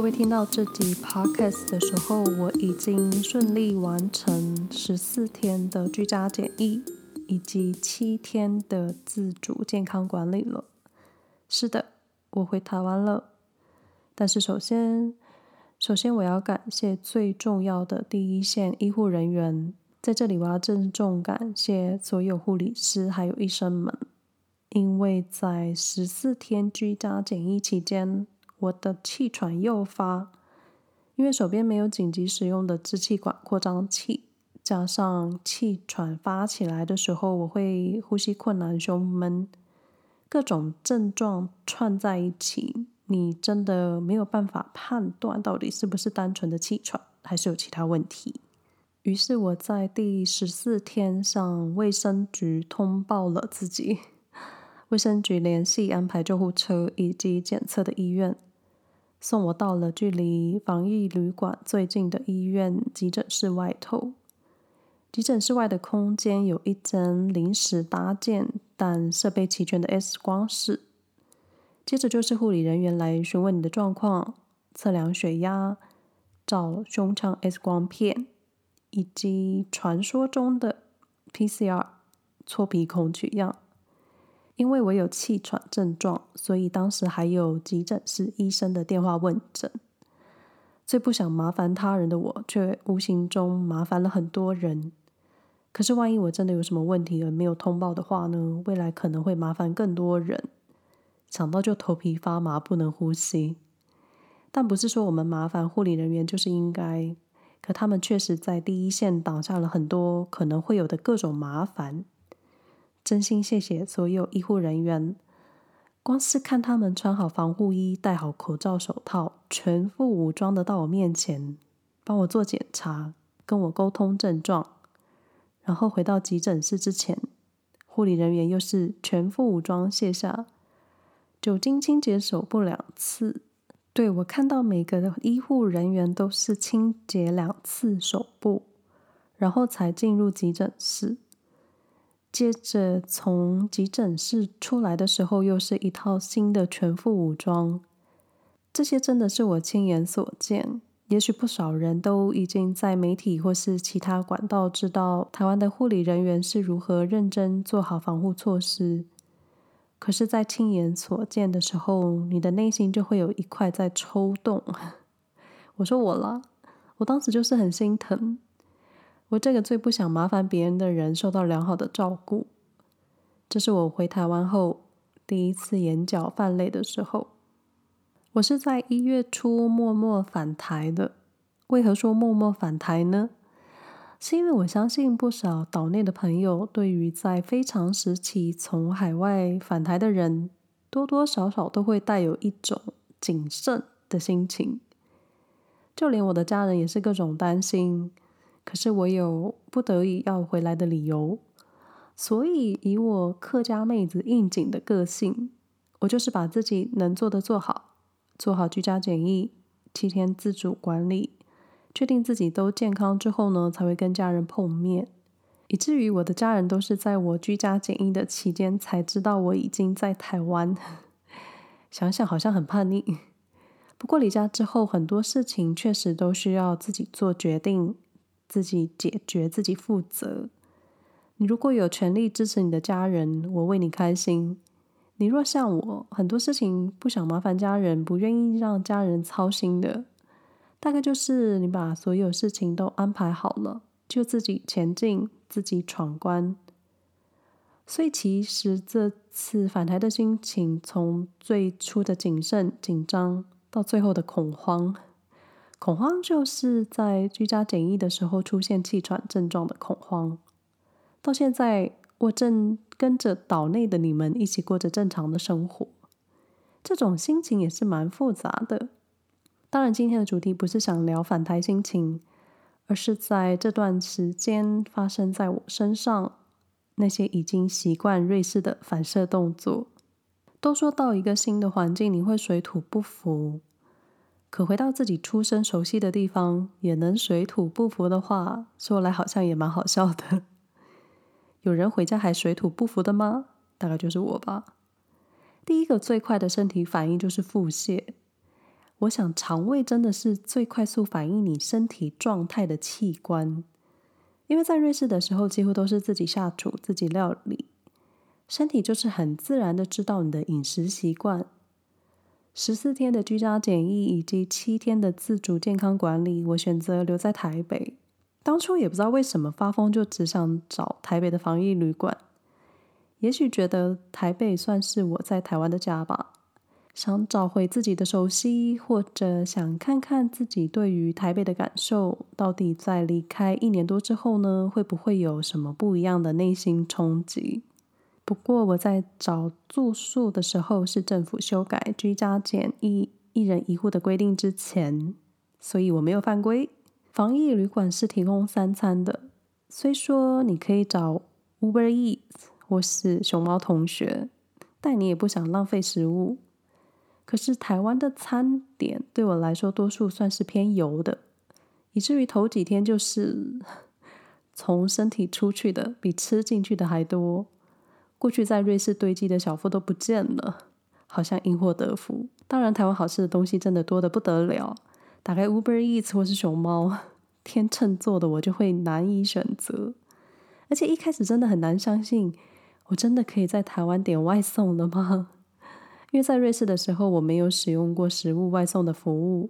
各位聽到這集 podcast 的時候，我已經順利完成十四天的居家檢疫，以及七天的自主健康管理了。是的，我回台灣了。但是首先，首先我要感謝最重要的第一線醫護人員，在這裡我要鄭重感謝所有護理師還有醫生們，因為在十四天居家檢疫期間，我的氣喘又發，因為手邊沒有緊急使用的支氣管擴張器，加上氣喘發起來的時候，我會呼吸困難、胸悶，各種症狀串在一起，你真的沒有辦法判斷到底是不是單純的氣喘，還是有其他問題。於是我在第十四天向衛生局通報了自己，衛生局聯繫安排救護車以及檢測的醫院。送我到了距離防疫旅館最近的醫院急診室外頭。急診室外的空間有一間臨時搭建但設備齊全的 X 光室。接着就是護理人員來詢問你的狀況，測量血壓，照胸腔 X 光片，以及傳說中的 PCR，搓鼻孔取樣。因為我有氣喘症狀，所以當時還有急診室醫生的電話問診。最不想麻煩他人的我，卻無形中麻煩了很多人。可是萬一我真的有什麼問題而沒有通報的話呢？未來可能會麻煩更多人。想到就頭皮發麻，不能呼吸。但不是說我們麻煩護理人員就是應該，可他們確實在第一線擋下了很多可能會有的各種麻煩。真心謝謝所有醫護人員。光是看他們穿好防護衣、戴好口罩、手套，全副武裝的到我面前，幫我做檢查，跟我溝通症狀，然後回到急診室之前，護理人員又是全副武裝，卸下酒精清潔手部兩次。對，我看到每個醫護人員都是清潔兩次手部，然後才進入急診室。接着從急診室出來的時候，又是一套新的全副武裝。這些真的是我親眼所見，也許不少人都已經在媒體或是其他管道知道台灣的護理人員是如何認真做好防護措施。可是，在親眼所見的時候，你的內心就會有一塊在抽動。我說我了，我當時就是很心疼。我這個最不想麻煩別人的人，受到良好的照顧。這是我回台灣後第一次眼角泛淚的時候。我是在一月初默默返台的。為何說默默返台呢？是因為我相信不少島內的朋友，對於在非常時期從海外返台的人，多多少少都會帶有一種謹慎的心情。就連我的家人也是各種擔心。可是我有不得已要回來的理由，所以以我客家妹子硬頸的個性，我就是把自己能做的做好，做好居家檢疫，七天自主管理，確定自己都健康之後呢，才會跟家人碰面。以至於我的家人都是在我居家檢疫的期間才知道我已經在台灣。想想好像很叛逆，不過離家之後很多事情確實都需要自己做決定。自己解決，自己負責。你如果有權利支持你的家人，我為你開心。你若像我，很多事情不想麻煩家人，不願意讓家人操心的，大概就是你把所有事情都安排好了，就自己前進，自己闖關。所以，其實這次返台的心情，從最初的謹慎緊張，到最後的恐慌。恐慌就是在居家檢疫的時候出現氣喘症狀的恐慌。到現在，我正跟着島內的你們一起過着正常的生活，這種心情也是蠻複雜的。當然，今天的主題不是想聊返台心情，而是在這段時間發生在我身上那些已經習慣瑞士的反射動作。都說到一個新的環境，你會水土不服。可回到自己出生熟悉的地方，也能水土不服的話，說來好像也蠻好笑的。有人回家還水土不服的嗎？大概就是我吧。第一個最快的身體反應就是腹瀉。我想，腸胃真的是最快速反應你身體狀態的器官。因為在瑞士的時候，幾乎都是自己下廚、自己料理，身體就是很自然的知道你的飲食習慣。十四天的居家檢疫以及七天的自主健康管理，我選擇留在台北。當初也不知道為什麼發瘋，就只想找台北的防疫旅館。也許覺得台北算是我在台灣的家吧，想找回自己的熟悉，或者想看看自己對於台北的感受，到底在離開一年多之後呢，會不會有什麼不一樣的內心衝擊？不過我在找住宿的時候是政府修改居家檢疫一人一戶的規定之前，所以我沒有犯規。防疫旅館是提供三餐的，雖說你可以找 Uber Eats 或是熊貓同學，但你也不想浪費食物。可是台灣的餐點對我來說多數算是偏油的，以至於頭幾天就是從身體出去的比吃進去的還多。過去在瑞士堆積的小腹都不見了，好像因禍得福。當然，台灣好吃的東西真的多得不得了。打開 Uber Eats 或是熊貓，天秤座的我就會難以選擇。而且一開始真的很難相信，我真的可以在台灣點外送的嗎？因為在瑞士的時候，我沒有使用過食物外送的服務，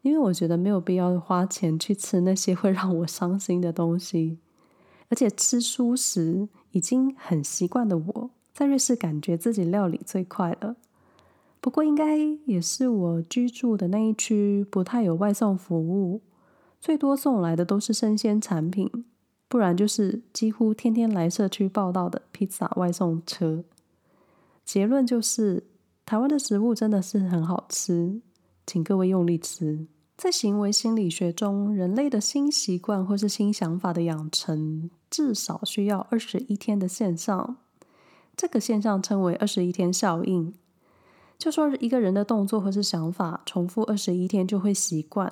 因為我覺得沒有必要花錢去吃那些會讓我傷心的東西，而且吃蔬食。已經很習慣的我，在瑞士感覺自己料理最快了。不過，應該也是我居住的那一區不太有外送服務，最多送來的都是生鮮產品，不然就是幾乎天天來社區報道的披薩外送車。結論就是，台灣的食物真的是很好吃，請各位用力吃。在行為心理學中，人類的新習慣或是新想法的養成，至少需要二十一天的現象，這個現象稱為“二十一天效應”。就說一個人的動作或是想法，重複二十一天就會習慣。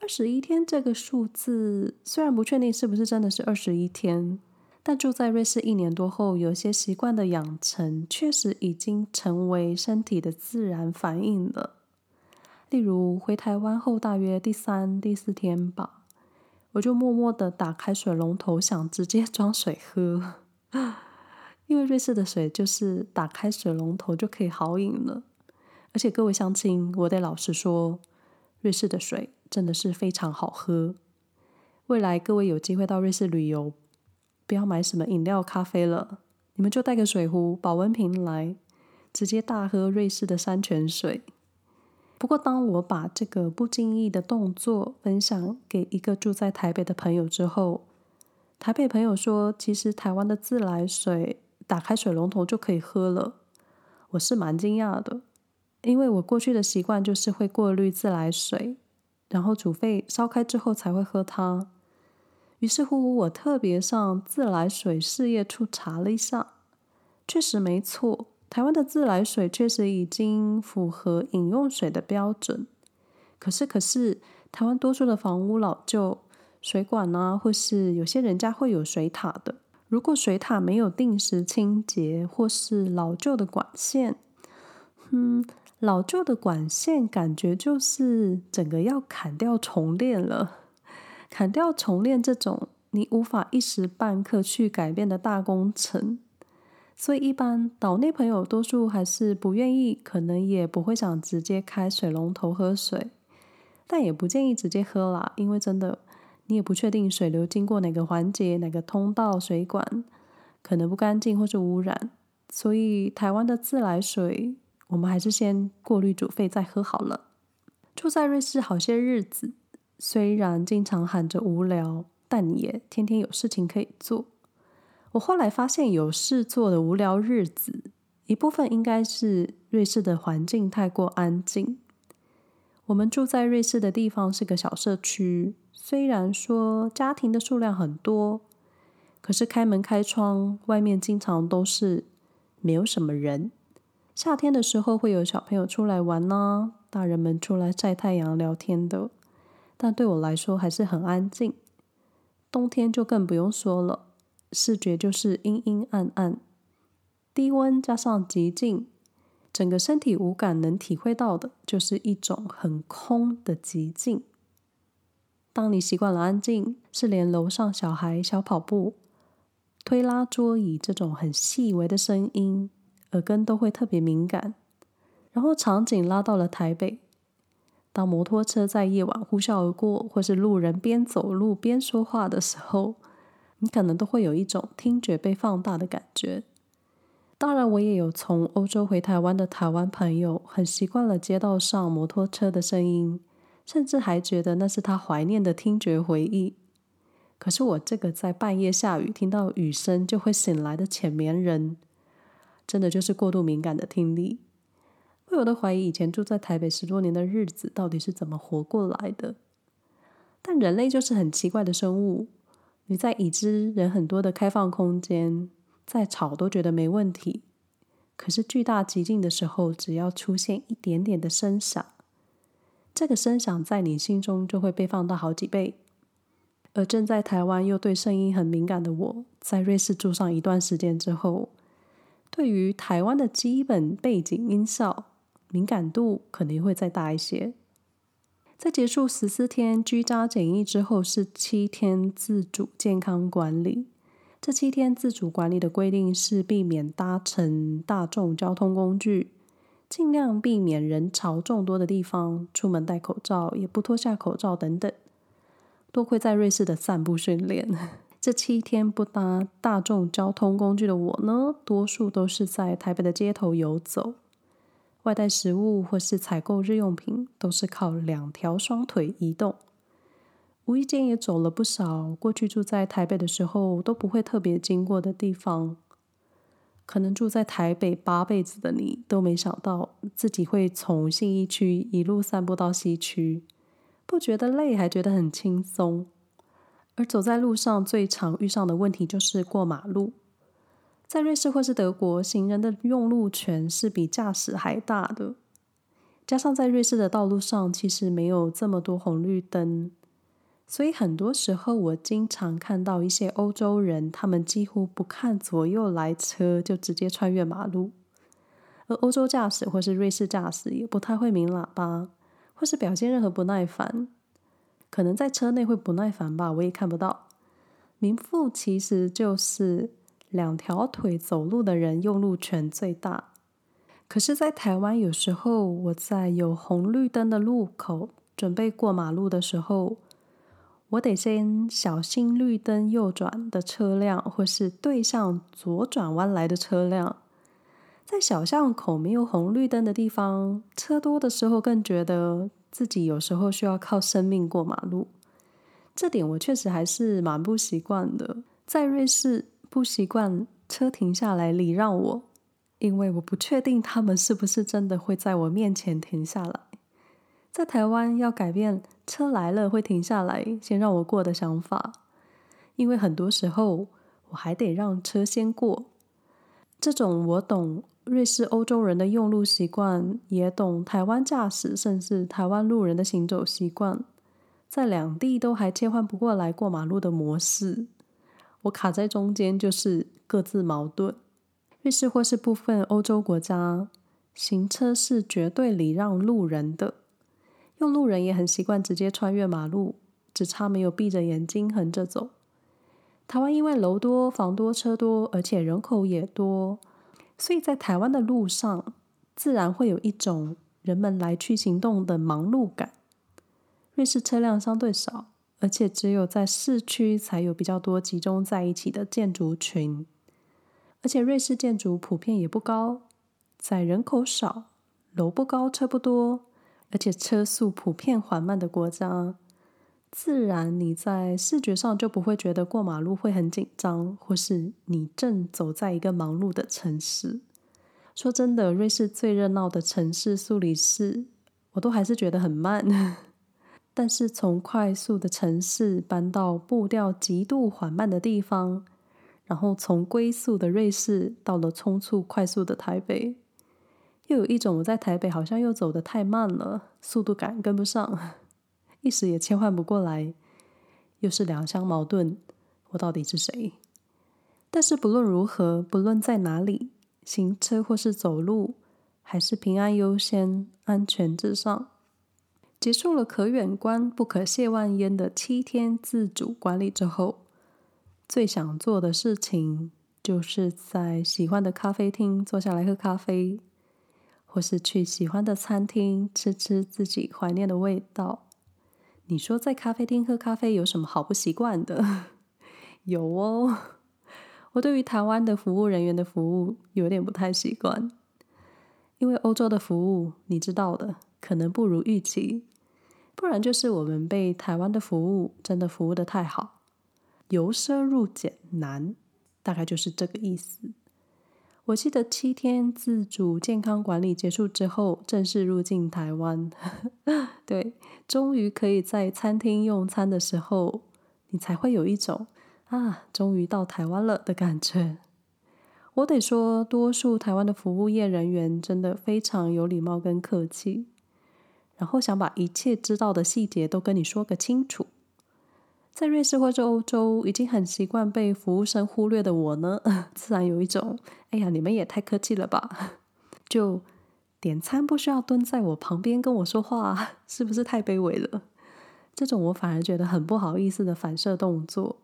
二十一天這個數字雖然不確定是不是真的是二十一天，但住在瑞士一年多後，有些習慣的養成，確實已經成為身體的自然反應了。例如回台灣後大約第三、第四天吧，我就默默的打開水龍頭，想直接裝水喝。 因為瑞士的水就是打開水龍頭就可以好飲了。而且各位鄉親，我得老實說，瑞士的水真的是非常好喝。未來各位有機會到瑞士旅遊，不要買什麼飲料、咖啡了，你們就帶個水壺、保溫瓶來，直接大喝瑞士的山泉水。不過，當我把這個不經意的動作分享給一個住在台北的朋友之後，台北朋友說：“其實台灣的自來水打開水龍頭就可以喝了。”我是蠻驚訝的，因為我過去的習慣就是會過濾自來水，然後煮沸燒開之後才會喝它。於是乎，我特別上自來水事業處查了一下，確實沒錯。台灣的自來水確實已經符合飲用水的標準，可是，可是台灣多數的房屋老舊，水管呢、啊，或是有些人家會有水塔的。如果水塔沒有定時清潔，或是老舊的管線，嗯，老舊的管線感覺就是整個要砍掉重練了。砍掉重練這種你無法一時半刻去改變的大工程。所以，一般島內朋友多數還是不願意，可能也不會想直接開水龍頭喝水，但也不建議直接喝啦，因為真的你也不確定水流經過哪個環節、哪個通道、水管可能不乾淨或是污染。所以，台灣的自來水我們還是先過濾、煮沸再喝好了。住在瑞士好些日子，雖然經常喊着無聊，但也天天有事情可以做。我後來發現，有事做的無聊日子，一部分應該是瑞士的環境太過安靜。我們住在瑞士的地方是個小社區，雖然說家庭的數量很多，可是開門開窗，外面經常都是沒有什麼人。夏天的時候會有小朋友出來玩呢、啊，大人們出來曬太陽聊天的，但對我來說還是很安靜。冬天就更不用說了。視覺就是陰陰暗暗，低溫加上極靜，整個身體五感能體會到的，就是一種很空的極靜。當你習慣了安靜，是連樓上小孩小跑步、推拉桌椅這種很細微的聲音，耳根都會特別敏感。然後場景拉到了台北，當摩托車在夜晚呼嘯而過，或是路人邊走路邊說話的時候，你可能都會有一種聽覺被放大的感覺。當然，我也有從歐洲回台灣的台灣朋友，很習慣了街道上摩托車的聲音，甚至還覺得那是他懷念的聽覺回憶。可是我這個在半夜下雨聽到雨聲就會醒來的淺眠人，真的就是過度敏感的聽力，不由得懷疑以前住在台北十多年的日子到底是怎麼活過來的。但人類就是很奇怪的生物。你在已知人很多的開放空間，再吵都覺得沒問題。可是巨大寂靜的時候，只要出現一點點的聲響，這個聲響在你心中就會被放大好幾倍。而正在台灣又對聲音很敏感的我，在瑞士住上一段時間之後，對於台灣的基本背景音效敏感度肯定會再大一些。在結束十四天居家檢疫之後，是七天自主健康管理。這七天自主管理的規定是避免搭乘大眾交通工具，盡量避免人潮眾多的地方，出門戴口罩，也不脫下口罩等等。多虧在瑞士的散步訓練，這七天不搭大眾交通工具的我呢，多數都是在台北的街頭遊走。外帶食物或是採購日用品，都是靠兩條雙腿移動。無意間也走了不少過去住在台北的時候都不會特別經過的地方。可能住在台北八輩子的你，都沒想到自己會從信義區一路散步到西區，不覺得累，還覺得很輕鬆。而走在路上最常遇上的問題，就是過馬路。在瑞士或是德國，行人的用路權是比駕駛還大的。加上在瑞士的道路上其實沒有這麼多紅綠燈，所以很多時候我經常看到一些歐洲人，他們幾乎不看左右來車就直接穿越馬路。而歐洲駕駛或是瑞士駕駛也不太會鳴喇叭，或是表現任何不耐煩。可能在車內會不耐煩吧，我也看不到。名副其實就是，兩條腿走路的人用路權最大。可是，在台灣，有時候我在有紅綠燈的路口準備過馬路的時候，我得先小心綠燈右轉的車輛，或是對向左轉彎來的車輛。在小巷口沒有紅綠燈的地方，車多的時候更覺得自己有時候需要靠生命過馬路。這點我確實還是蠻不習慣的。在瑞士，不習慣車停下來禮讓我，因為我不確定他們是不是真的會在我面前停下來。在台灣，要改變車來了會停下來先讓我過的想法，因為很多時候我還得讓車先過。這種我懂瑞士歐洲人的用路習慣，也懂台灣駕駛，甚至台灣路人的行走習慣，在兩地都還切換不過來過馬路的模式。我卡在中間就是各自矛盾。瑞士或是部分歐洲國家，行車是絕對禮讓路人的，用路人也很習慣直接穿越馬路，只差沒有閉着眼睛橫着走。台灣因為樓多、房多、車多，而且人口也多，所以在台灣的路上，自然會有一種人們來去行動的忙碌感。瑞士車輛相對少。而且只有在市區才有比較多集中在一起的建築群，而且瑞士建築普遍也不高，在人口少、樓不高、車不多，而且車速普遍緩慢的國家，自然你在視覺上就不會覺得過馬路會很緊張，或是你正走在一個忙碌的城市。說真的，瑞士最熱鬧的城市蘇黎世，我都還是覺得很慢。但是從快速的城市，搬到步調極度緩慢的地方，然後從龜速的瑞士到了匆促快速的台北，又有一種我在台北好像又走得太慢了，速度感跟不上，一時也切換不過來，又是兩相矛盾。我到底是誰？但是不論如何，不論在哪裡，行車或是走路，還是平安優先，安全至上。結束了可遠觀不可褻玩焉的七天自主管理之後，最想做的事情就是在喜歡的咖啡廳坐下來喝咖啡，或是去喜歡的餐廳吃吃自己懷念的味道。你說在咖啡廳喝咖啡有什麼好不習慣的？ 有哦，我對於台灣的服務人員的服務有點不太習慣，因為歐洲的服務你知道的，可能不如預期。不然就是我們被台灣的服務真的服務得太好，由奢入儉難，大概就是這個意思。我記得七天自主健康管理結束之後，正式入境台灣， 對，終於可以在餐廳用餐的時候，你才會有一種啊，終於到台灣了的感覺。我得說，多數台灣的服務業人員真的非常有禮貌跟客氣。然後想把一切知道的細節都跟你說個清楚。在瑞士或者歐洲，已經很習慣被服務生忽略的我呢，自然有一種“哎呀，你們也太客氣了吧！”就點餐不需要蹲在我旁邊跟我說話，是不是太卑微了？這種我反而覺得很不好意思的反射動作。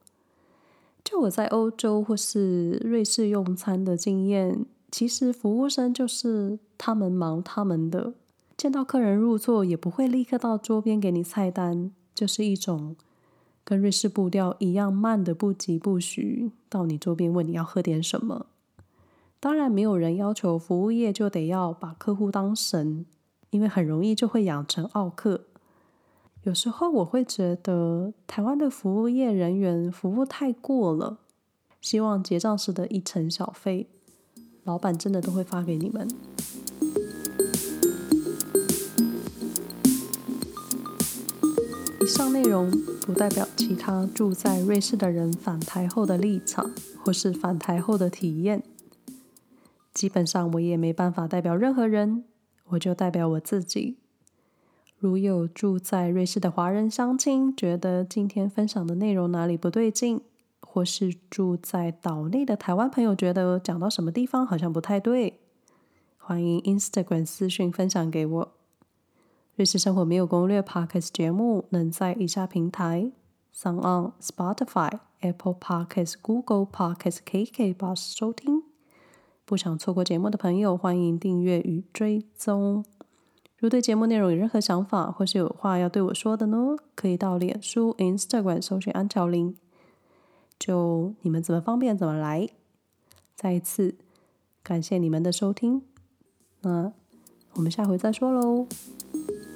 就我在歐洲或是瑞士用餐的經驗，其實服務生就是他們忙他們的。見到客人入座，也不會立刻到桌邊給你菜單，就是一種跟瑞士步調一樣慢的不疾不徐，到你桌邊問你要喝點什麼。當然，沒有人要求服務業就得要把客戶當神，因為很容易就會養成奧客。有時候我會覺得台灣的服務業人員服務太過了，希望結賬時的一成小費，老闆真的都會發給你們。以上內容不代表其他住在瑞士的人返台後的立場，或是返台後的體驗。基本上我也沒辦法代表任何人，我就代表我自己。如有住在瑞士的華人鄉親覺得今天分享的內容哪裡不對勁，或是住在島內的台灣朋友覺得講到什麼地方好像不太對，歡迎 Instagram 私訊分享給我。《瑞士生活沒有攻略》Podcast 節目能在以下平台，Sound On Spotify、Apple Podcast、Google Podcast、KKBox 收聽。不想錯過節目的朋友，歡迎訂閱與追蹤。如對節目內容有任何想法，或是有話要對我說的呢，可以到臉書、Instagram 搜尋 Angel Lin，就你們怎麼方便怎麼來。再一次感謝你們的收聽，那我們下回再說嘍。